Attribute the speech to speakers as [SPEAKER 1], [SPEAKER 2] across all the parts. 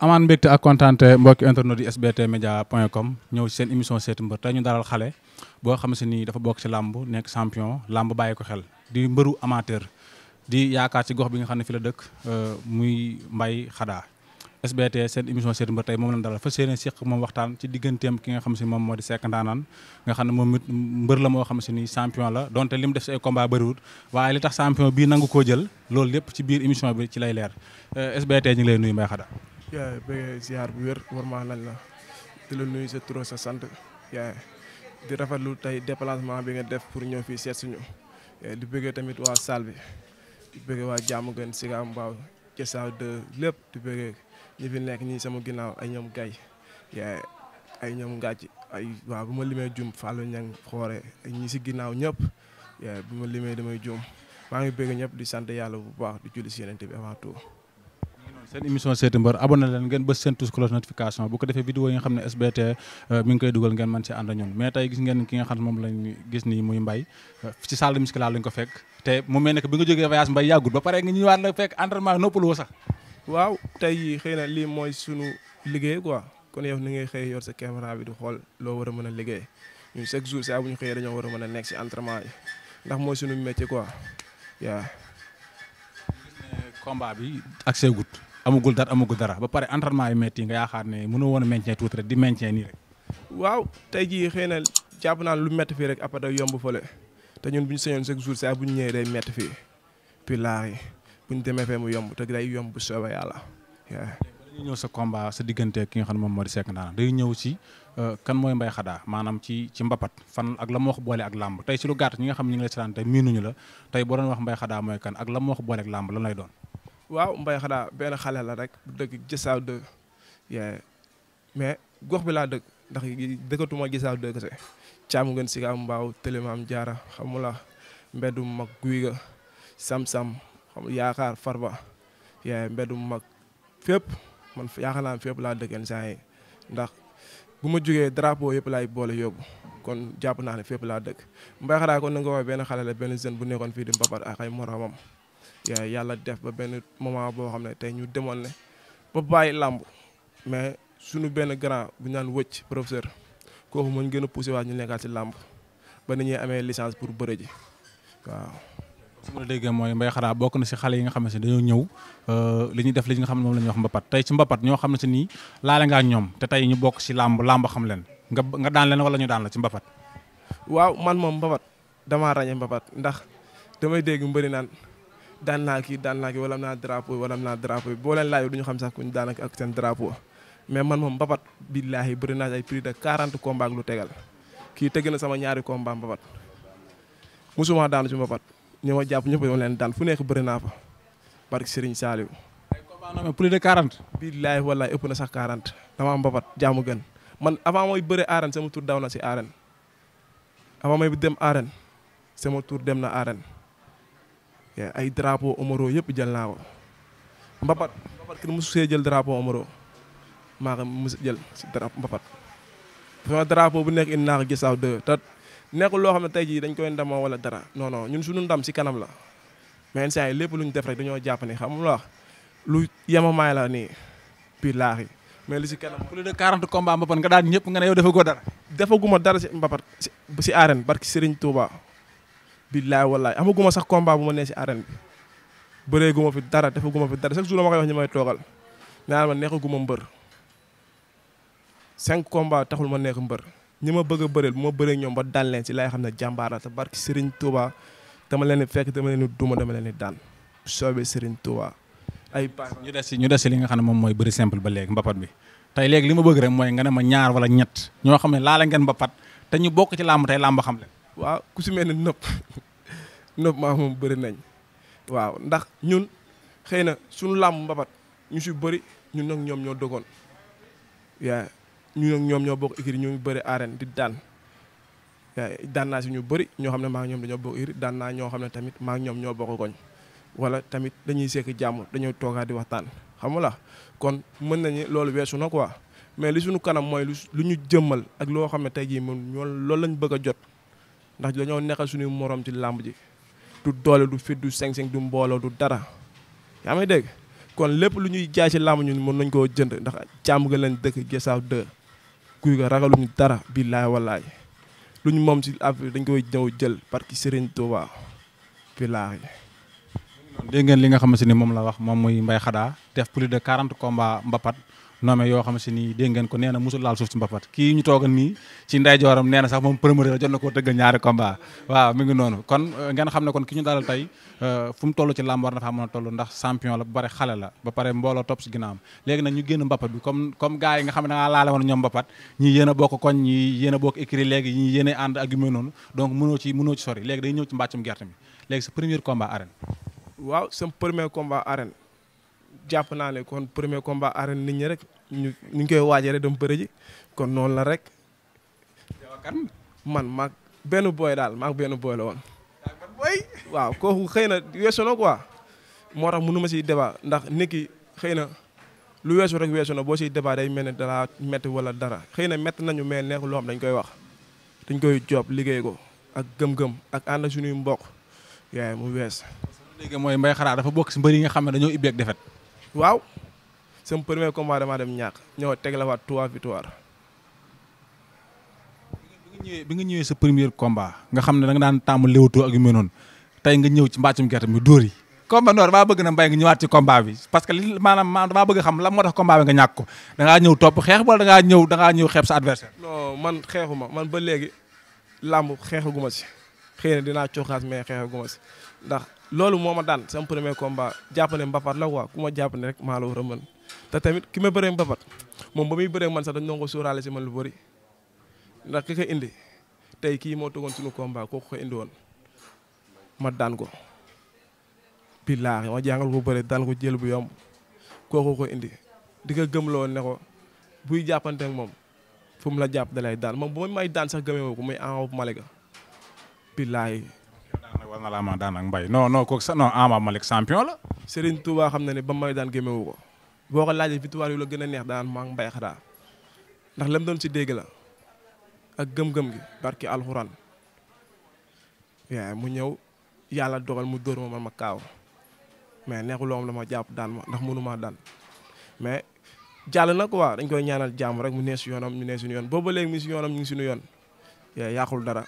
[SPEAKER 1] amaan mbégte ak kontante mbokki internet yi sbt média point com ñëw seen émission seeti mbër tey ñu dalal xale boo xam si ni dafa bokk si làmb nekk champion làmb bàyyi ko xel di mbëru amateur di yaakaar ci gox bi nga xam ne fi la dëkk euh, muy Mbaye Khada SBT seen émission seeti mbër tey moom la dalal fa seen siq moom waxtaan ci digganteem ki nga xam si moom moo di Seck nga xam ne moom it mbër la moo xam si ni champion la donte li mu def si ay combat bëriwut waaye li tax champion bii nangu koo jël lool lépp ci biir émission bi ci lay leer euh, SBT ñu ngi lay nuyu Mbaye Khada
[SPEAKER 2] yaay bëgg ziar bu wér war na lañ la di la nuyu sa turo sa sant yaay di rafetlu tey déplacement bi nga def pour ñëw fii seet suñu di bëggee tamit waa salle bi di bëggee waa jàmm gën Sika Mbao Cessa lépp di bëggee ñi fi nekk ñi sama ginnaaw ay ñoom gay yaay ay ñoom ngàcc ay waaw bu ma limee jum Fallou Niang xoore ak si ginnaaw ñëpp bu ma limee damay jum maa ngi bëgg ñëpp di sant yàlla bu baax di julli si yeneen bi avant tout
[SPEAKER 1] seen émission seeti mbër abonné leen ngeen bës seen tous cloche notification bu ko defee vidéo yi nga xam ne SBT euh, mi ngi koy dugal ngeen mën si ànd ñun mais tey gis ngeen ki nga xam ne moom lañ gis nii muy mbay euh, ci salle de musculation ko fekk te mu mel ne que bi nga jógee voyage mbay yàggul ba pare nga ñëwaat la fekk entraînement noppalu waaw tey xëy na lii mooy sunu liggéey quoi kon ni ngay xëy
[SPEAKER 2] yor sa bi di xool loo war a mën a liggéey ñun chaque jour bu ñu xëyee dañoo war a mën a nekk si entraînement ndax mooy sunu métier quoi
[SPEAKER 1] waaw combat bi ak seegut amagul dara amagul dara ba pare entraînement yi métti nga yaakaar ne mënoo woon a maintien tuuti rek di maintien nii rek.
[SPEAKER 2] waaw tey jii xëy na jàpp naa lu métti fii rek après day yomb fële te ñun bu ñu sañoon chaque jour saa bu ñu ñëwee day métti fii puis laaj ñu demee fee mu yomb te day
[SPEAKER 1] yomb bu soobee yàlla. dañuy ñëw sa sa diggante ki nga xam ne moom di Seck Ndanane ñëw si euh, kan mooy Mbaye Khada maanaam ci ci mbapat fan ak la moo ko boole ak làmb tey si lu gàtt ñi nga xam ne ñu ngi lay miinuñu la tey boo doon wax Mbaye Khada mooy kan ak la moo ko boole ak làmb la lay doon
[SPEAKER 2] waaw Mbaye xanaa benn xale la rek dëkk gisaaw dëkk mais gox bi laa dëkk ndax dëkkatuma gisaaw dëkk se caamu gën si am mbaaw tëlimaam jaara xamula mbeddu mag guy ga sam-sam xam yaakaar farba yaay mbeddu mag fépp man yaakaar naa fépp laa dëkkeen saa yi ndax bu ma jógee drapeau yëpp laay boole yóbbu kon jàpp naa ne fépp laa dëkk mbay xanaa kon na nga ko benn xale la benn jeune bu nekkoon fii di mbapat ak ay moromam yàlla def ba benn moment boo xam ne tey ñu demoon ne ba bàyyi làmb mais suñu benn grand bu ñu naan wëcc professeur kooku mën gën a poussé waat ñu nekkaat ci làmb ba ni ñuy amee licence pour bëre
[SPEAKER 1] ji waaw. su ma la déggee mooy Mbaye Khada bokk na si xale yi nga xam ne si ñëw euh, li ñuy def li nga xam ne moom la ñuy wax mbapat tey si mbapat ñoo xam ne laale ngaa ñoom te tey ñu bokk si làmb làmb xam leen nga nga daan leen wala ñu daan la ci mbapat.
[SPEAKER 2] waaw man moom mbapat damaa ràññee mbapat ndax damay dégg mbëri naan. daan naa kii daan naa kii wala am naa drapeau wala am naa drapeau boo leen laajee du ñu xam sax kuñ daanaka ak seen drapeau mais man moom mbapat billaahi bëri naa ay prix de 40 combat ak lu tegal kii tëgg na sama ñaari combat mbapat musuma daanu si mbapat ñi ma jàpp ñëpp dama leen daan fu nekk bëri naa fa barke Serigne Saliou. ay combat noonu prix de 40. billaahi wallaahi ëpp na sax 40 dama am mbapat jaamu gën man avant mooy bëre arène sama tur daaw na si arène avant dem arène sama tur dem na arène. Eh, ay drapeau Omaro yëpp jël naa ko Mbapat Mbapat kenn mosu see jël drapeau Omaro maa ko mos jël si drapeau Mbapat. sama drapeau bu nekk indi naa ko gisaaw deux te nekkul loo xam ne tey jii dañ koy ndamoo wala dara non non ñun suñu ndam si kanam la mais instant yi lépp lu ñu def rek dañoo jàpp ne xam nga lu yemamaay la nii biir laax yi mais li si kanam. plus de 40 combats Mbapat nga daan ñëpp nga ne yow defagoo dara. defaguma dara si Mbapat si si arène barki Serigne billaay wallaay amaguma sax combat bu ma nee si arène bi bëreeguma fi dara defaguma fi dara chaque jour ma koy wax ñu may toogal naan ma neexaguma mbër cinq combat taxul ma neex mbër ñi ma bëgg a bëreel bu ma bëree ñoom ba daan leen si laay xam ne jàmbaar la te barki Serigne Touba dama leen di fekk dama leen di duma dama leen di daan soobee Serigne Touba
[SPEAKER 1] ay baax ñu des si ñu des si li nga xam ne moom mooy bëri simple ba léegi mbapat bi tey léegi li ma bëgg rek mooy nga ne ma ñaar wala ñoo xam ne laala ngeen mbapat te ñu bokk ci làmb tey làmb xam leen waaw ku si mel ni nëpp
[SPEAKER 2] nëpp maa moom bari nañ waaw ndax ñun xëy na suñu làmb mbapat ñu si bëri ñun nag ñoom ñoo dogoon yaa ñu nag ñoom ñoo bokk écurie ñu bëri arène di daan yaa daan naa ñu bëri ñoo xam ne maa ñoom dañoo bokk ñoo xam ne tamit maa ñoom ñoo bokk koñ wala tamit dañuy sekk jàmm dañoo toogaat di waxtaan xam nga la kon mën nañu loolu weesu na quoi mais li suñu kanam mooy lu ñu jëmmal ak loo xam ne tey jii mu ñoo loolu lañ bëgg a jot ndax dañoo nekkal suñu morom ci làmb ji du doole du fit du seng-seng du mbooloo du dara yaa may dégg kon lépp lu ñuy jaay ci làmb ñun mën nañ koo jënd ndax càmm ga leen dëkk Guessaw 2 guy ga ragaluñu dara billaay wallaay lu ñu moom ci affaire dañ koy ñëw jël parce que Serigne
[SPEAKER 1] Touba billaay dégg ngeen li nga xamante ni moom la wax moom muy Mbaye Khada def plus de 40 combats mbapat nommé yoo xam si ni dégg ko nee na musul laal suuf si mbapat kii ñu tooga nii ci ndeyjooram nee na sax moom promoteur jot na koo tëggal ñaari combat waaw mi ngi noonu kon euh, ngeen xam ne kon ki ñu dalal tey euh, fu mu ci làmb war na faa mën a toll ndax champion la ba pare xale la ba pare mbooloo topp si ginnaam nag ñu génn mbapat bi comme comme nga xam ne dangaa laale woon ñoom mbapat ñii yéen a bokk koñ ñi yéen a bokk écrit léegi ñii yéen a ànd ak
[SPEAKER 2] yu jàpp naa ne kon premier combat arène nit ñi rek ñu ñu koy waajee rek dem bëre kon noonu la rek. kan man maag benn booy daal maag benn booy la woon. waaw kooku xëy na weesu na quoi moo tax mënu ma siy débat ndax nit ki xëy na lu weesu rek weesu na boo siy débat day mel ne dara métti wala dara xëy na métti nañu mais neex loo xam dañ koy wax dañ koy job liggéey ko ak gëm-gëm ak ànd ak suñuy mbokk yaay mu wees. parce que mooy mbay xaraa dafa bokk si mbër yi nga xam ne dañoo ibbeek defet waaw sama premier combat damaa dem ñàkk ñëw teg la waat trois victoire.
[SPEAKER 1] bi nga ñëwee bi nga ñëwee sa premier combat nga xam ne da nga daan taamu léewtoo ak tey nga ñëw ci mbàccum gerte mi dóor yi. combat noor maa bëgg na mbay nga ñëwaat ci combat bi parce que li maanaam maa damaa bëgg xam lan moo tax combat bi nga ñàkk ko da ngaa ñëw topp xeex wala da ngaa ñëw da ngaa ñëw xeeb sa adversaire.
[SPEAKER 2] non man xeexuma man ba léegi làmb xeexaguma si. xëy na dinaa coxaas mais xeexaguma si ndax loolu moo ma daan sama premier combat jàpp mbapat la quoi ku ma jàpp ne rek maa la war a mën te tamit ki ma bëree mbapat moom ba muy bëree man sax dañ doon ko sóoraale si man lu bëri ndax ki ko indi tey kii moo tëggoon suñu combat kooku ko indi woon ma daan ko billaahi ma jàngal ko bëri daan ko jël bu yomb kooku ko indi di ko gëmloo ne ko buy jàppante moom fu la jàpp dalay daan moom bu may daan sax gëmee ko billaay. war na laa
[SPEAKER 1] ma daan ak mbay non non kooku sa non Ama Malick champion la.
[SPEAKER 2] Serigne Touba xam na ne ba may daan gémmewu ko boo ko laajee victoire yu la gën a neex daan maa ngi mbay xadaa ndax lam doon ci dégg la ak gëm-gëm gi barki alxuraan yaa mu ñëw yàlla dogal mu dóor ma man ma kaaw mais neexu loom la ma jàpp daan ma ndax mënu daan mais jàll na waa dañ koy ñaanal jàmm rek mu nee si yoonam mu nee suñu yoon booba léegi mi si yoonam ñu ngi suñu yoon yaa yàqul dara.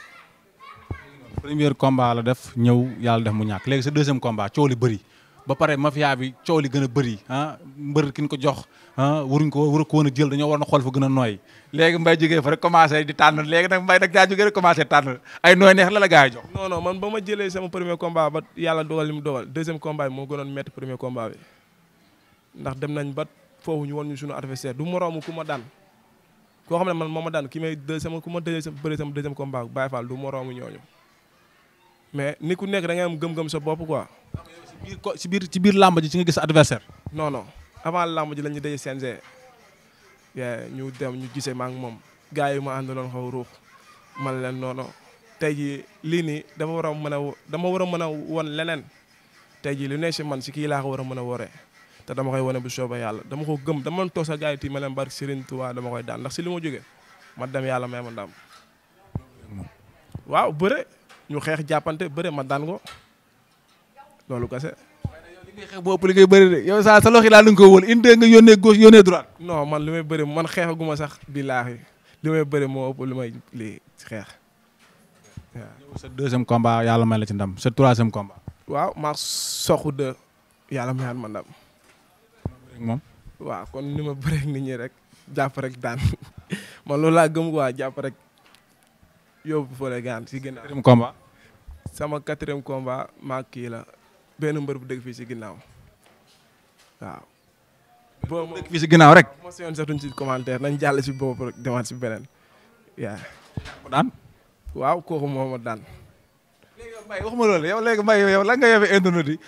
[SPEAKER 1] premier combat la def ñëw yàlla def mu ñàkk léegi sa deuxième combat coow li bëri ba pare mafia bi coow li gën a bëri ah mbër ki ko jox ah waruñ ko war ko woon a jël dañoo war na xool fa gën a nooy léegi mbay jógee fa rek commencé di tànn léegi nag mbay nag daa jógee rek commencé tànn ay nooy neex yi jox
[SPEAKER 2] non man ba ma jëlee sama premier combat ba yàlla dogal li mu dogal deuxième combat bi moo gënoon metti premier combat bi ndax dem nañ ba foofu ñu woon ñu suñu adversaire du moroomu ku ma daan koo xam ne man ma daan ki may sama ku ma dëjee sa bëri sama deuxième combat Baye Fall du moroomu mais ni ku nekk da am gëm-gëm sa bopp quoi. ci biir
[SPEAKER 1] ci biir làmb ji ci nga gis adversaire
[SPEAKER 2] non non avant làmb ji lañu daje CNG ñu dem ñu gisee ma ak moom gars yi ma àndaloon xaw ruux man leen noonu tey ji lii nii dafa war a mën a dama war a mën a won leneen tey jii lu ne si man si kii laa ko war a mën a wore te dama koy wone bu soobee yàlla dama ko gëm dama doon toog sa gars yi ma leen barke Serigne Touba dama koy daan ndax si li ma jógee ma dem yàlla may ma ndam waaw bëre ñu xeex jàppante bëre ma daan ko loolu kese.
[SPEAKER 1] li ngay xeex boo ëpp li ngay bëri de yow saa sa loxo yi nga ko wóol indi nga yónnee gauche yónnee droite.
[SPEAKER 2] non man li may bëri man ma sax billaahi li may bëri moo li may lii xeex
[SPEAKER 1] yàlla may la ci ndam troisième combat.
[SPEAKER 2] waaw maa soxu ma ndam. moom. waaw kon ni ma bëreeg nit ñi rek jàpp rek daan man loolu laa gëm waa jàpp rek yow fële gaan si ginnaaw. combat. sama quatrième combat maa kii la benn mbër bu dëgg fii si ginnaaw waaw. boobu dëgg fii si ginaaw rek. ma si yoon sax duñ si commentaire nañ jàll si boobu rek demaat si beneen yaa ko daan. waaw kooku moo ma daan.
[SPEAKER 1] léegi yow Mbaye waxuma loolu yow nga yëfee internet yi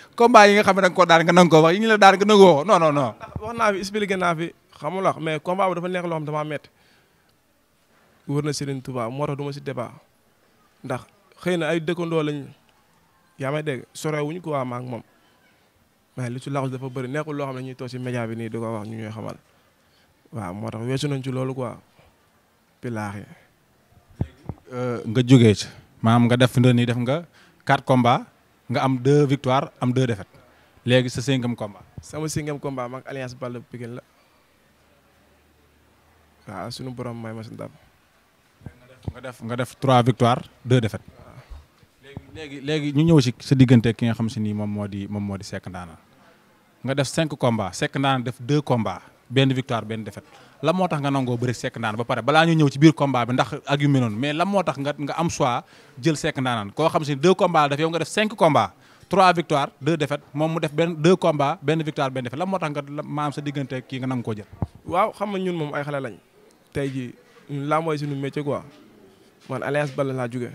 [SPEAKER 1] yi nga xam ne da nga koo daan nga nangu ko wax yi ñu la daan nga nangu ko
[SPEAKER 2] wax naa fi expliqué naa fi xamul wax mais combat bu dafa neex loo xam damaa métti. wër na Serigne Touba moo tax du si débat ndax. xëy na ay dëkkandoo lañ yaa may dégg sorewuñ ko waa maak moom mais li ci laxus dafa bari nekkul loo xam ne ñuy toog si média bi nii di ko wax ñu ñuy xamal waaw moo tax weesu nañ ci loolu quoi
[SPEAKER 1] pilaax yi euh, nga jógee ci maanaam nga def fi nii def nga quatre combats nga am deux victoires am deux défaites léegi sa cinquième komba sama cinquième
[SPEAKER 2] combat maag alliance Balla Pikine la waaw sunu borom may ma si ndam.
[SPEAKER 1] nga def nga def trois victoires deux défaites. léegi léegi ñu ñëw si sa diggante ki nga xam si ni moom moo di moom moo di Seck Ndaanaan nga def cinq combats Seck Ndaanaan def deux combats benn victoire benn defet la moo tax nga nangoo bëri Seck Ndaanaan ba pare balaa ñu ñëw ci biir combat bi ndax ak yu mel moo tax nga nga am choix jël Seck Ndaanaan koo xam si ni deux combats def yow nga def cinq combats trois victoires deux défaites moom mu def benn deux combats benn victoire benn défaite la moo tax nga maam sa diggante ki nga nangu ko jël. waaw xam nga ñun moom ay xale lañ tey ji ñun
[SPEAKER 2] laa mooy suñu métier quoi man Alliance Baldé laa jóge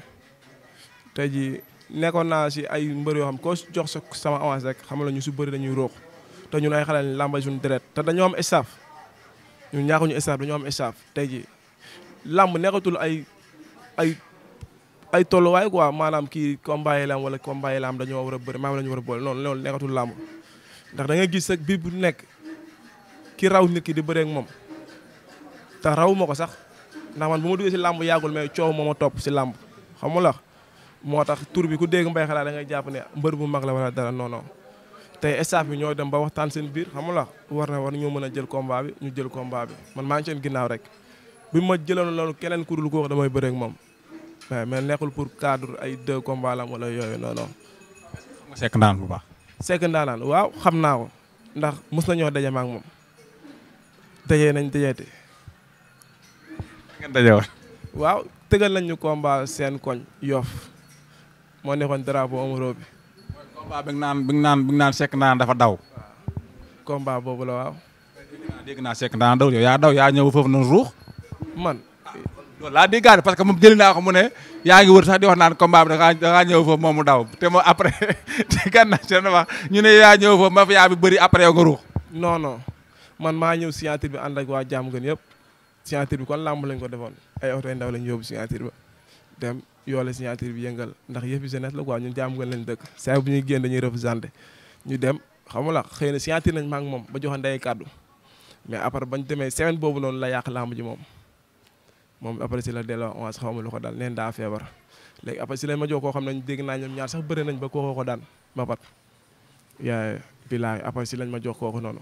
[SPEAKER 2] tey jii nekkoon naa si ay mbër yoo xam koo jox sa sama avance rek xam la ñu su bëri dañuy roox te ñu ay xale làmba suñu deret te dañoo am staff ñun ñaaxuñu staff dañoo am staff tey ji làmb nekkatul ay ay ay tolluwaay quoi maanaam kii combat yi la wala combat dañoo war a bëri maanaam la ñu war a boole noonu loolu nekkatul làmb ndax da gis sax biir bu nekk ki raw nit ki di bëree moom te raw ma ko sax ndax man bu ma duggee si làmb yàggul mais coow moo ma topp si làmb xam la moo tax tur bi ku dégg Mbaye Xaragne da ngay jàpp ne mbër bu mag la wala dara non non tey staff bi ñoo dem ba waxtaan seen biir xam la war na war ñoo mën a jël combat bi jël combat bi man maa ngi seen ginnaaw rek bi ma jëloon loolu keneen ku dul ko wax damay bëre moom mais mais nekkul pour cadre ay deux combats la wala yooyu non non.
[SPEAKER 1] sekk ndaan bu baax.
[SPEAKER 2] sekk ndaan waaw xam naa ko ndax mos nañoo daje ma ak moom dajee nañ dajeete.
[SPEAKER 1] ngeen waaw
[SPEAKER 2] tëgal nañ ñu seen koñ yoof moo nekkoon
[SPEAKER 1] drapeau amuro bi. combat bi nga naan bi naan bi nga sekk naan dafa daw. combat boobu la waaw. naa sekk naan daw yow yaa daw yaa ñëw foofu noonu ruux. man. loolu laa di gàddu parce que moom jëli naa ko mu ne yaa ngi wër sax di wax naan combat bi da ngaa ñëw foofu moom mu daw te moom après di gànnaaw si wax ñu ne yaa ñëw foofu mafia bi bëri après yow nga ruux.
[SPEAKER 2] non man maa ñëw signature bi ànd ak waa jàmm gën yëpp signature bi kon làmb lañ ko defoon ay oto ndaw lañ yóbbu signature ba dem yoole signature bi yëngal ndax yëf bi jeunesse la quoi ñun jàmm gën leen dëkk saa bu ñuy génn dañuy représenté ñu dem xam nga la xëy na signature nañ ma ak moom ba joxe ndey kàddu mais après bañ demee semaine boobu noonu la yàq làmb ji moom moom après si la delloo avance xaw ma lu ko dal daa feebar léegi après si lañ ma jox koo xam ne dégg naa ñaar sax bëri nañ ba koo ko daan ba pat yaa bilaay après si lañ ma jox kooku noonu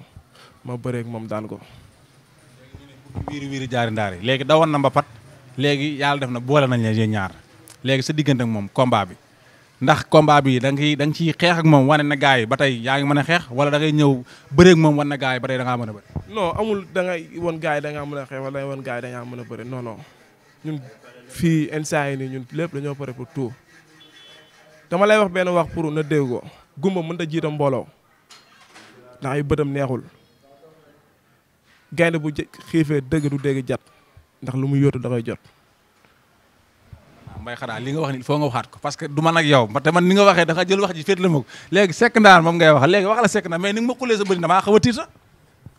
[SPEAKER 1] ma bëreeg moom daan ko wiiri wiiri jaari ndaari léegi dawoon na mbapat léegi yàlla def na boole nañ la ñaar léegi sa diggante ak moom combat bi ndax combat bi da ngay da ciy xeex ak moom wane na gars yi ba tey yaa ngi mën a xeex wala da ngay ñëw bëreeg moom wan na gars yi ba tey da ngaa mën a bëri
[SPEAKER 2] non amul da ngay wan gars yi da ngaa mën a xeex wala da ngay wan gars yi da ngaa mën a bëri non non fii instant yi nii ñun lépp dañoo pare dama lay wax benn wax pour na déggoo gumba mën da jiita mbooloo ndax ay bëtam neexul gaynde bu xiifee dëgg du dégg jat ndax lu mu yootu da jot
[SPEAKER 1] mbay xanaa li nga wax ni foo nga waxaat ko parce du man ak yow te man ni nga waxee dafa jël wax ji féet la ma ko sekk ndaanaan moom ngay wax léegi wax la sekk ndaanaan sa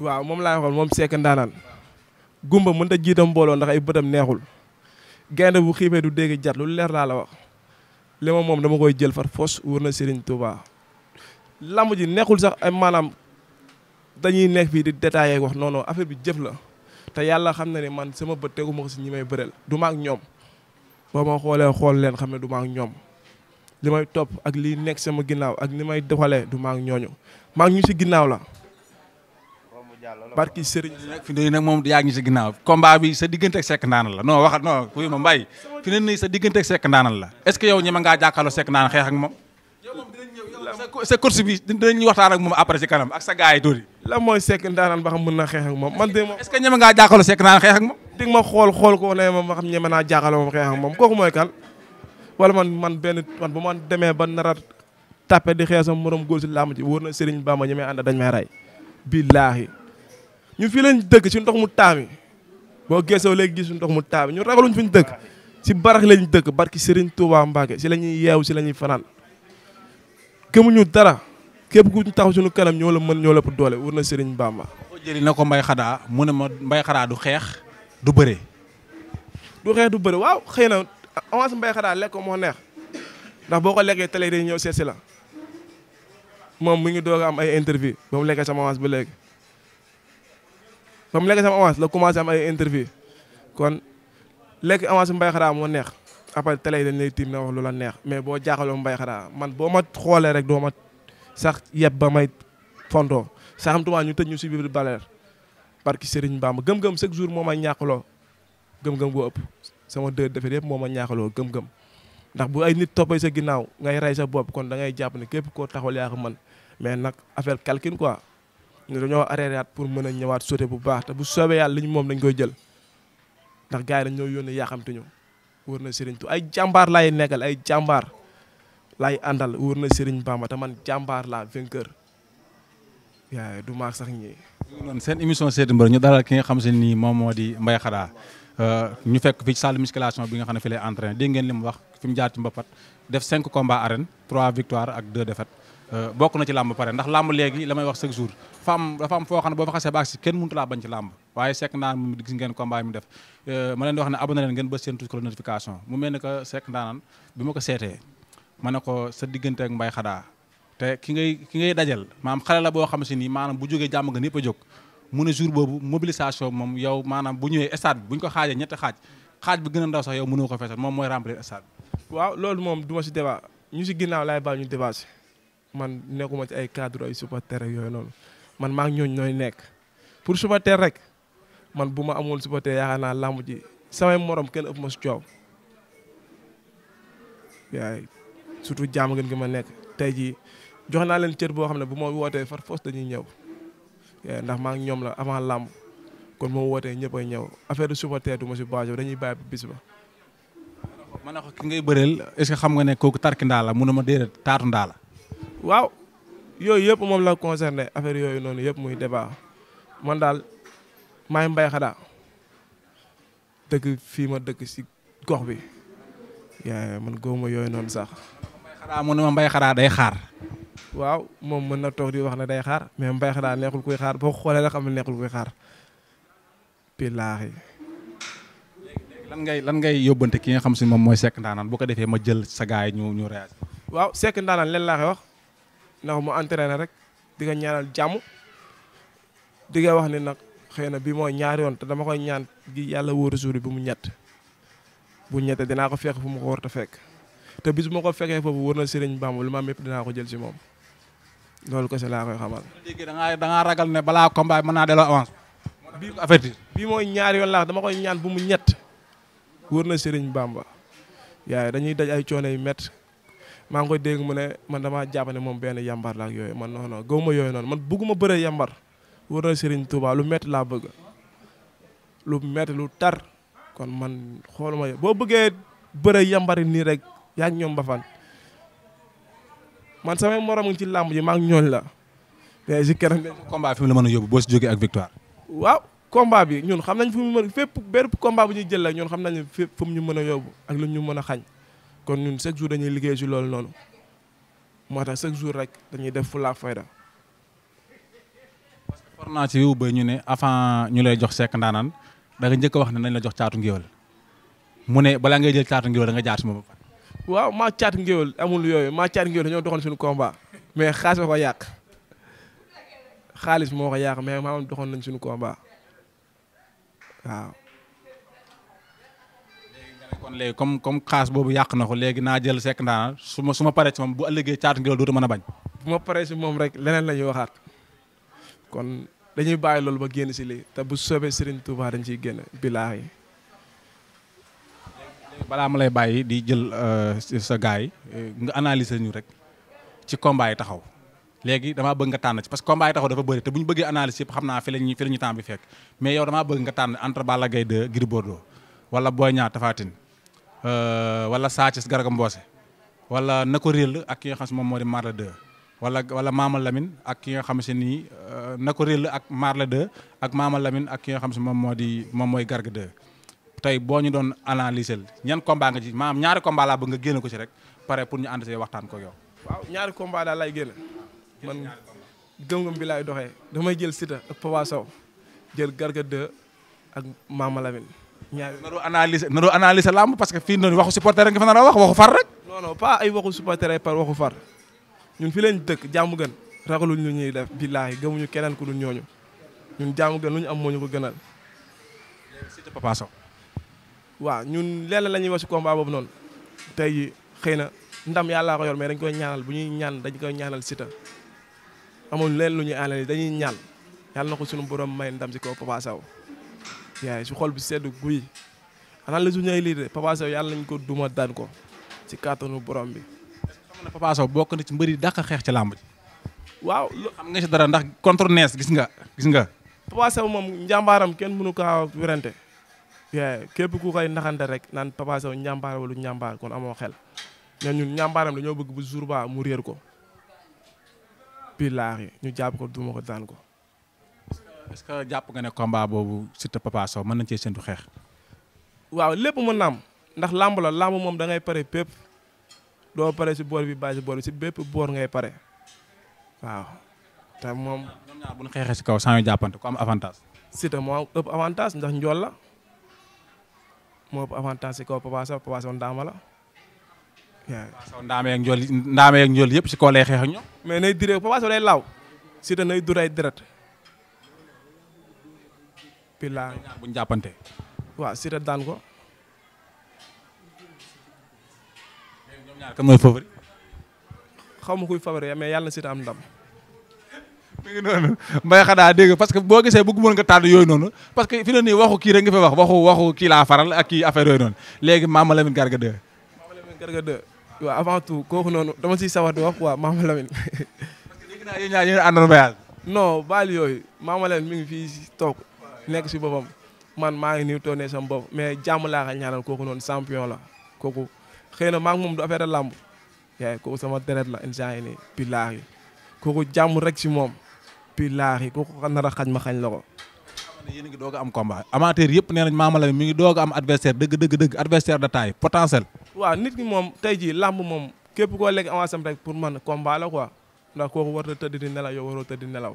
[SPEAKER 2] waaw moom laa waxoon moom sekk ndaanaan gumba mën ta jiitam mbooloo ndax ay bëtam neexul gaynde bu xiifee du dégg jat lu leer laa la wax li ma moom dama koy jël far foos wër na Serigne Touba lamb ji neexul sax ay maanaam dañuy nekk fii di détaillé wax non non bi jëf la te yàlla xam na ne man sama bët teguma ko si ñi may bëreel du ma ak boo ma xoolee xool leen xam ne du ma ak ñoom li may topp ak liy nekk sama ginnaaw ak li may doxalee du ma ak ñooñu maa ngi ñu si ginnaaw la.
[SPEAKER 1] barki sëriñ nag fi ne nag moom yaa ngi si ginnaaw combat bi wax non kuy ma mbay fi ne nii sa diggante ak Seck la est-ce que yow ñi ma ngaa jàkkaarloo Seck Ndaanal xeex ak moom sa course bi dinañu waxtaan ak moom après si kanam ak sa gars yi tuuti la
[SPEAKER 2] mooy ba xam mën na xeex moom man de moom est-ce que ñi ma ngaa jàkkaarloo moom di ma xool xool ko ne ma xam ñeme naa jaaxal moom xeex ak moom kooku mooy kan. wala man man benn man bu man demee ba nara a tàppe di xeex sama morom góor si làmb ji wóor na Serigne Bamba ñi may ànd dañ ñu fii lañ dëkk si ndox mu taami boo geesoo léegi gis ndox mu taami ñu ragaluñ fi ñu dëkk. si barax lañu dëkk barki Serigne Touba Mbacke si la ñuy yeewu si lañuy fanaan gëmuñu dara képp ku taxaw sunu kanam ñoo la mën ñoo la ëpp doole wóor na Serigne Bamba. boo jëlee na ko Mbaye mu ne ma Mbaye Xadaa du xeex. du bëre. du xeex du bëre waaw xëy na avance mbay xadaa lekk moo neex ndax boo ko lekkee télé day ñëw seet si la moom mu ngi doog am ay interview ba mu lekkee sama avance ba léegi ba mu lekkee sama avance la commencé am ay interview kon lekk avance mbay xadaa moo neex après télé dañ lay tiim na wax lu la neex mais boo jaaxaloo mbay xadaa man boo ma xoolee rek doo ma sax yeb ba may fontoo saxam tumaa ñu tëj ñu si biir baleer barki Serigne Bamba gëm-gëm chaque jour moom ma ñàkkloo gëm-gëm boo sama deux defet yëpp moo ma ñàkkloo ndax bu ay nit toppee sa ginnaaw ngay rey sa bopp kon da ngay jàpp ne képp koo taxawal yaa ko mën mais nag affaire calcul quoi ñu dañoo arrêté pour mën a ñëwaat sauté bu baax te bu soobee yàlla ñu moom dañ koy jël ndax gars yi dañ ñoo yónnee yaaxamte ñu wóor na Serigne tu ay jàmbaar laay nekkal ay jàmbaar laay àndal wóor na Serigne Bamba te man jàmbaar laa vainqueur yaay du maag sax ñi
[SPEAKER 1] noonu seen émission seeti mbër ñu dalal ki xam se nii moom moo di Mbaye Khada euh, ñu fekk fii ci salle bi nga xam ne fi lay entraîné dégg ngeen li mu wax fi jaar ci mbapat def 5 combats arène 3 victoires ak 2 défaites euh, bokk na ci làmb pare ndax làmb léegi la may wax chaque jour dafa am dafa am foo xam ne boo fa xasee ba si kenn mënut laa bañ ci làmb waaye Seck Ndanane moom gis ngeen combat yi def euh, ma leen di wax ne abonné leen ngeen ba seen touche notification mu mel ni que Seck Ndanane bi ma ko seetee ma ne ko sa diggante ak Mbaye Khada te ki ngay ki ngay dajal maanaam xale la boo xam si nii maanaam bu jógee jàmm nga ñëpp a jóg mu ne jour boobu mobilisation moom yow maanaam bu ñëwee stade bi bu ñu ko xaajee ñetti xaaj xaaj bu gën a ndaw sax yow mënoo ko feesal moom mooy remplir stade
[SPEAKER 2] waaw loolu moom du ma si débat ñu si ginnaaw laay ba ñu dépassé man nekkuma ci ay cadre ay supporter ak yooyu noonu man maa ngi ñooñ ñooy nekk pour supporter rek man bu ma amul supporter yaakaar naa làmb ji samay morom kenn ëpp ma si coow yaay surtout gi ma nekk tey jii joxe naa leen cër boo xam ne bu ma wootee far foos dañuy ñëw eh, ndax maa ñoom la avant làmb kon moo wootee ñëpp a ñëw affaire supporter du ma si baajo dañuy bàyyi
[SPEAKER 1] ba bis ba. ki ngay bëreel est xam nga ne kooku tarki ndaa la munuma déedéet taatu ndaa
[SPEAKER 2] waaw yooyu yëpp moom la concerné affaire yooyu noonu yëpp muy débat man daal maay mbay xadaa dëkk fii ma dëkk si gox bi. yaa eh, man góob yooyu noonu sax. mbay xadaa munuma mbay xadaa day xaar. waaw moom mën na toog di wax na day xaar mais mbay xanaa neexul kuy xaar boo ko xoolee rek xam ne neexul kuy xaar pilaaxi
[SPEAKER 1] lan ngay lan ngay yóbbante ki nga xam si moom mooy Seck Ndaanaan boo ko defee ma jël sa gaay ñu ñu réagi
[SPEAKER 2] waaw Seck Ndaanaan leen laa koy wax ndax mu entraîné rek di nga ñaanal jàmm di nga wax ni nag xëy na bii mooy ñaari yoon te dama koy ñaan gi yàlla wóor suuri bi mu ñett bu ñette dinaa ko fekk fu mu ko war a fekk te bis bu ma ko fekkee foofu wër na Sëriñ Bamba lu ma am yëpp dinaa ko jël si moom loolu ko laa koy xamal. léegi da ngaa ragal
[SPEAKER 1] ne balaa combat mën naa delloo avance. bii mooy ñaar yoon laax dama koy ñaan bu mu ñett.
[SPEAKER 2] wër na Serigne Bamba. yaay dañuy daj ay coono yu métti maa ngi koy dégg mu ne man dama jàpp moom benn yambar la yooyu man non non gëw ma yooyu noonu man bëgguma bëre yambar. wër na Serigne Touba lu métti laa bëgg. lu métti lu tar. kon man xooluma boo bëggee bëre yambari nii rek yaa ñoom ba fan man samay moromu ci làmb ji maag ñooñ la. mais si keneen de.
[SPEAKER 1] combat fi la mën a yóbbu boo si jógee ak victoire.
[SPEAKER 2] waaw combat bi ñun xam nañ fu mu mën fépp bépp combat bu ñuy jël la ñun xam nañ fépp fu ñu mën a yóbbu ak la ñu mën a xañ. kon ñun chaque jour dañuy liggéey si loolu noonu moo tax chaque jour rek dañuy def fulla fayda.
[SPEAKER 1] parce que for naa ci wu ba ñu ne avant ñu lay jox Seck Ndanane da nga njëkk wax ne nañ la jox caatu ngéwél mu ne balaa ngay jël caatu ngéwél da nga jaar si moom.
[SPEAKER 2] waaw maa caat ngéwél amul yooyu maa caat ngéwél dañoo doxoon suñu combat mais xaas ma ko yàq xaalis moo ko yàq
[SPEAKER 1] mais maam doxoon nañ suñu combat waaw. kon léegi comme comme xaas boobu yàq na ko léegi naa jël sekk ndaana suma ma su ma paree si moom bu ëllëgee caatu ngéwél dootu mën a bañ.
[SPEAKER 2] bu ma paree si moom rek leneen la ñuy waxaat kon dañuy bàyyi loolu ba génn si lii te bu soobee Serigne Touba dañ ciy génn bilaahi
[SPEAKER 1] balaa ma lay bàyyi di jël euh, sa gaay euh, nga analyser ñu rek ci combat yi taxaw léegi damaa bëgg nga tànn ci parce que combat yi taxaw dafa bëri te bu ñu bëggee analyser yëpp xam naa fi la ñuy fi la ñuy temps bi fekk mais yow damaa bëgg nga tànn entre Balla Gaye 2 Gris Bordeaux wala Boy Niang Tapha Tine euh, wala Sa Thiès Garga wala na ko réel ak ki nga xam si moom moo di Marle 2 wala wala Mama Lamine ak ki nga xam si nii na ko réel ak Marle 2 ak Mama Lamine ak ki nga xam si moom moo di moom mooy Garga tey boo ñu doon analyser ñan combat nga ci maanaam ñaari combat laa bëgg nga génne ko ci rek pare pour ñu ànd see waxtaan ko yow.
[SPEAKER 2] waaw ñaari combat daal lay génne. man gëm-gëm bi doxe damay jël Siteu ak Papa Sow jël Garga 2 ak Mama Lamine. ñaari
[SPEAKER 1] naroo analyser naroo analyser làmb parce que fii noonu waxu supporter rek nga fa nar a wax waxu far rek.
[SPEAKER 2] non non pas ay waxu supporter ay par waxu far ñun fi leen dëkk jàmm gën ragaluñ lu ñuy def billaahi gëmuñu keneen ku dul ñooñu ñun jàmm am moo ñu ko gënal. Siteu Papa Sow. waaw ñun lenn la ñuy wax si combat boobu noonu tey xëy na ndam yàllaa ko yor mais dañ koy ñaanal bu ñuy ñaan dañ koy ñaanal Siteu amul leen lu ñuy àndal dañuy ñaan yàlla na ko sunu borom may ndam si kaw Papa Sow yaay si xol bi sedd guy xanaa la suñu ay lii de Papa Sow yàlla nañ ko duma daan ko si kàttanu borom bi. xam
[SPEAKER 1] nga Papa Sow bokk na ci mbëri dàq xeex ci làmb ji.
[SPEAKER 2] waaw xam nga si dara ndax
[SPEAKER 1] contre gis nga gis nga.
[SPEAKER 2] Papa Sow moom njàmbaaram kenn mënu kaa werante yee képp ku koy naxante rek naan Papa Sow ñàmbaar wala ñàmbaar kon amoo xel ñun ñun ñàmbaaram dañoo bëgg bu jour baa mu réer ko billaahi ñu jàpp ko duma ko daan ko.
[SPEAKER 1] est que jàpp nga ne combat boobu Siteu Papa Sow mën nañ cee séntu xeex.
[SPEAKER 2] waaw lépp mën na ndax làmb la làmb moom da ngay pare bépp doo pare si boor bi bàyyi si si bépp boor ngay pare waaw. te moom. ñoom ñaar bu ñu xeexee si kaw sans yu jàppante ku am avantage. Siteu moo ëpp avantage ndax njool la. moo ëpp avantage si kaw Papa Sow Papa Sow ndaama la.
[SPEAKER 1] Papa ndaamee njool ndaamee yëpp si kaw lay xeex ñoom.
[SPEAKER 2] mais nay diree Papa Sow day laaw Siteu nay dur deret. pilaar bu ñu jàppante. waaw Siteu daan ko. ñoom ñaar kan xaw ma kuy favori mais yàlla na Siteu am ndam.
[SPEAKER 1] mi ngi noonu mbay xanaa dégg parce que boo gisee bëgg mën nga tànn yooyu noonu parce que fi ne nii waxu kii rek nga fi wax waxu waxu kii laa faral ak kii affaire yooyu noonu léegi Mama Lamine Garga 2
[SPEAKER 2] Mama avant tout kooku noonu dama siy sawar di wax quoi Mama Lamine parce que dégg naa yéen ñaar mi ngi fii toog nekk si boppam man maa ngi nii toog ne sama bopp mais jàmm laa ka ñaanal kooku noonu champion la kooku xëy na maa moom du affaire làmb yaay kooku sama deret la instant yii nii billaahi kooku jàmm rek si moom billaahi ku ko nar a xañ
[SPEAKER 1] ma xañ la ko. yéen a ngi am combat amateur yëpp nee nañ Mama Lamine mi ngi doog a am adversaire dëgg dëgg dëgg adversaire de taille potentiel.
[SPEAKER 2] waaw nit ki moom tey jii làmb moom képp koo lekk avancé am rek pour man combat la quoi ndax kooku warut a tëdd di nelaw yow waroo tëdd di nelaw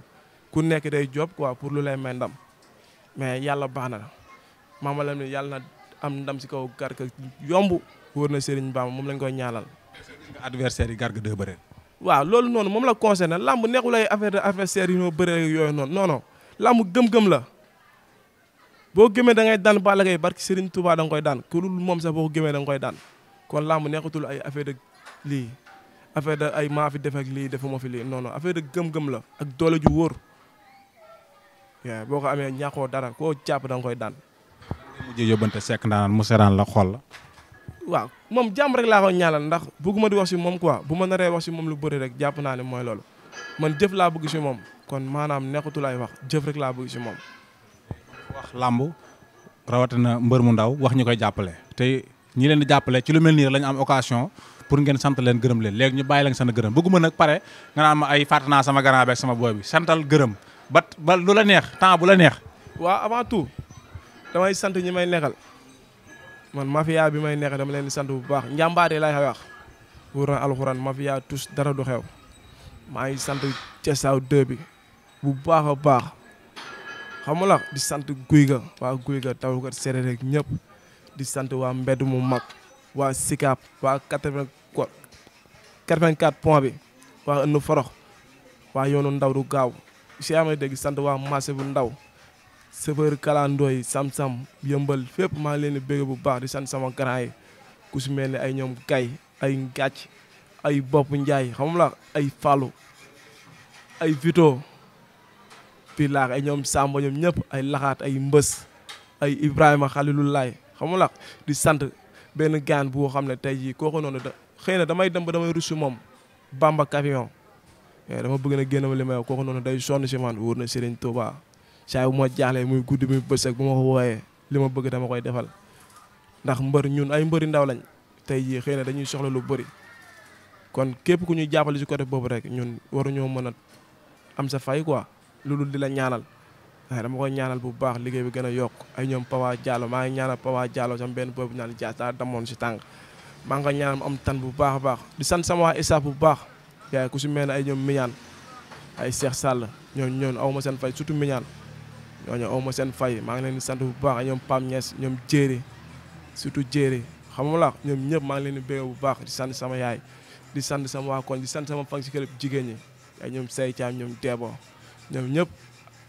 [SPEAKER 2] ku nekk day job quoi pour lu lay may ndam mais yàlla baax na Mama Lamine yàlla na am ndam si kaw Garga yomb wóor na Serigne Bamba moom lañ koy ñaanal.
[SPEAKER 1] adversaire yi gar dëgg bëre.
[SPEAKER 2] waaw loolu noonu moom la concerné làmb neexul ay affaire de adversaire yi ñoo bëree yooyu noonu non lamb gëm-gëm la boo gëmee da ngay daan Balla Gaye barki Serigne Touba da nga koy daan ku dul moom sax boo ko gëmee da nga koy daan kon làmb neexatul ay affaire de lii affaire de ay maa fi ak lii defuma fi lii non non gëm-gëm la ak doole ju wóor waaw boo ko amee ñàkkoo dara koo jàpp da koy daan.
[SPEAKER 1] mujjee yóbbante sekk ndaanaan mu seraan la xool la
[SPEAKER 2] waaw moom jàmm rek laa ko ñaanal ndax bëgguma di wax si moom quoi bu ma naree wax si moom lu bëri rek jàpp naa ne mooy loolu man jëf laa bëgg si moom kon maanaam neexutulaay wax jëf rek laa bëgg si moom.
[SPEAKER 1] wax làmb rawatina mbër mu ndaw wax ñu koy jàppale te ñi leen di jàppale ci lu mel nii lañ am occasion pour ngeen sant leen gërëm leen léegi ñu bàyyi leen sant gërëm bëgguma nag pare nga naan ma ay fàtt naa sama gànnaaw beeg sama booy bi santal gërëm ba ba lu la neex temps bu neex. waaw sant
[SPEAKER 2] man mafia bi may neexe dama leen di sant bu baax njàmbaate lay wax wóor na alxuraan mafia tous dara du xew maa ngi sant Cessaaw 2 bi bu baax a baax xam nga di sant guy ga waa guy ga taw kat séeréer rek ñëpp di sant waa mbedd mu mag waa Sicap waa 80 84 point bi waa ënn forox waa yoonu ndaw du gaaw si amee dégg sant waa marché bu ndaw sëfër kalandooy sam-sam yëmbal fépp maa leen di bëgg bu baax di sant sama grand ku si mel ni ay ñoom kay ay gàcc ay bopp njaay xam la ay falu ay vito fii ay ñoom samba ñoom ñëpp ay laxaat ay mbës ay ibrahima xalilulaay xam la di sant benn gaan boo xam ne tey jii kooku noonu da xëy na damay dem ba damay rusu moom bamba camion eh, dama bëgg na génn ma li may kooku noonu day sonn si man wóor na Serigne Touba saa bu ma jaaxlee muy guddi muy bëccëg bu ma ko wooyee li ma bëgg dama koy defal ndax mbër ñun ay mbëri ndaw lañ tey jii xëy na dañuy soxla lu bëri kon képp ku ñuy jàppale si côté boobu rek ñun waruñoo mën a am sa fay lu loolu di la ñaanal waaye dama koy ñaanal bu baax liggéey bi gën a yokk ay ñoom Pawa Diallo maa ngi ñaanal Pawa jaalo sama benn boobu naan jaas daa damoon si tànk maa nga koy ñaanal mu am tan bu baax a baax di san sama waa staff bu baax yaay ku si mel ne ay ñoom Mignane ay Cheikh Sall ñoom ñoon awma seen fay surtout Mignane ñooñu aw ma seen fay maa ngi leen di sant bu baax ñoom Pam Niass ñoom Jéeri surtout Jéeri xam nga la ñoom ñëpp maa ngi leen di béy bu baax di sant sama yaay di sant sama waa koñ di sant sama si kër jigéen ñi ñoom say ñoom Deebo ñoom ñëpp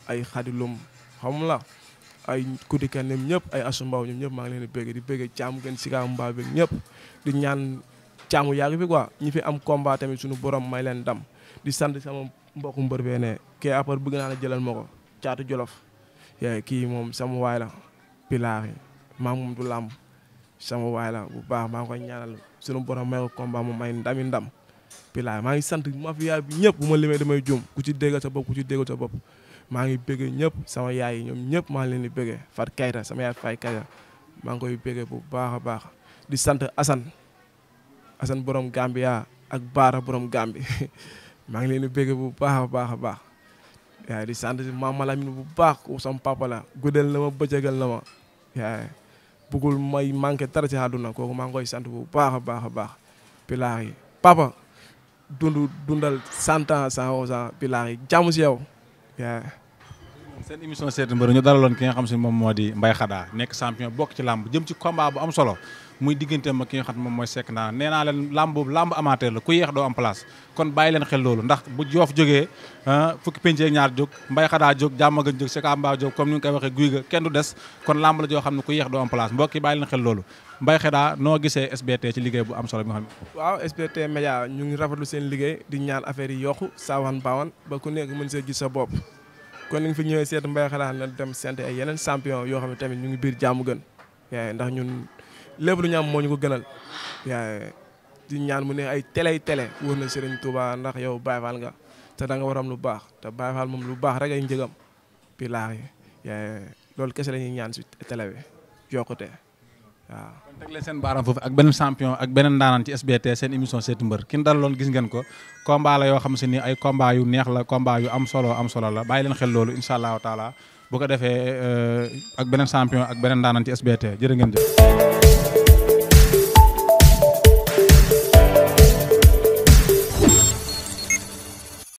[SPEAKER 2] ay xadilum xam nga la ay kudikan ñoom ñëpp ay asu mbaw ñoom ñëpp maa ngi leen di bégg di bégg caamu gën si kaa mbaa beeg ñëpp di ñaan caamu yàgg fi quoi ñi fi am combat tamit suñu borom may leen dam di sant sama mbokku mbër bee ne kii après bëgg naa la jëlal ma ko caatu jolof kii moom sama waay la pilaar yi maa moom du làmb sama waay la bu baax maa ngi koy ñaanal sunu borom may ko combat moom may ndami ndam pilaar maa ngi sant mafia bi ñëpp bu ma limee damay juum ku ci déggal sa bopp ku ci déggal sa bopp maa ngi bëggee ñëpp sama yaay yi ñoom ñëpp maa ngi leen di bëggee Fat Kayta sama yaay Fay Kayta maa ngi koy bëggee bu baax a baax di sant Assane Assane borom Gambia ak Baara borom Gambi maa ngi leen di bëggee bu baax a baax a baax yaay di sant maam Malamine bu baax ku sama papa la guddal na ma bëccëgal na ma yaay bëggul may manqué dara ci àdduna kooku maa ngi koy sant bu baax a baax a baax pilaar yi papa dund dundal cent ans cent onze yi jàmm si yow yaay
[SPEAKER 1] seen émission seeti mbër ñu dalaloon ki nga xam si moom moo di Mbaye Khada nekk champion bokk ci làmb jëm ci combat bu am solo muy digganteem ak ki nga moom mooy Seck Ndanane neena naa leen làmb boobu làmb amateur la ku yeex doo am place kon bàyyi leen xel loolu ndax bu joof jógee ah, fukki pénc ak ñaar jóg mbay xadaa jóg jàmmagën jóg Seck Amba jóg comme ni nga koy waxee kenn du des kon làmb la joo xam ne ku yeex doo am place mbokk yi bàyyi leen xel loolu mbay xadaa noo gisee SBT ci liggéey bu am solo bi nga xam ne
[SPEAKER 2] waaw SBT seen liggéey di ñaan affaire yi yokku saawan baawan ba ku nekk mën see gis sa bopp kon ni nga fi ñëwee seet mbay xadaa na dem sent ay yeneen champion yoo xam ne tamit ñu ngi biir jàmm gën ndax ñun lépp lu ñu am moo ñu ko gënal. yaa di ñaan mu ne ay tele télé wóor na Serigne Touba ndax yow Baye Fall nga te da nga war am lu baax te Baye Fall moom lu baax rek ay njëgam bi laax yi loolu kese la ñuy ñaan si télé bi yokkute waaw.
[SPEAKER 1] kon teg leen seen baaram foofu ak beneen champion ak beneen ndaanaan ci SBT seen émission set mbër ki ñu dalaloon gis ngeen ko combat la xam si ni ay combat yu neex la combat yu am solo am solo la bàyyi leen xel loolu incha allahu taala bu ko defee euh, ak beneen champion ak beneen ndaanaan ci SBT jërë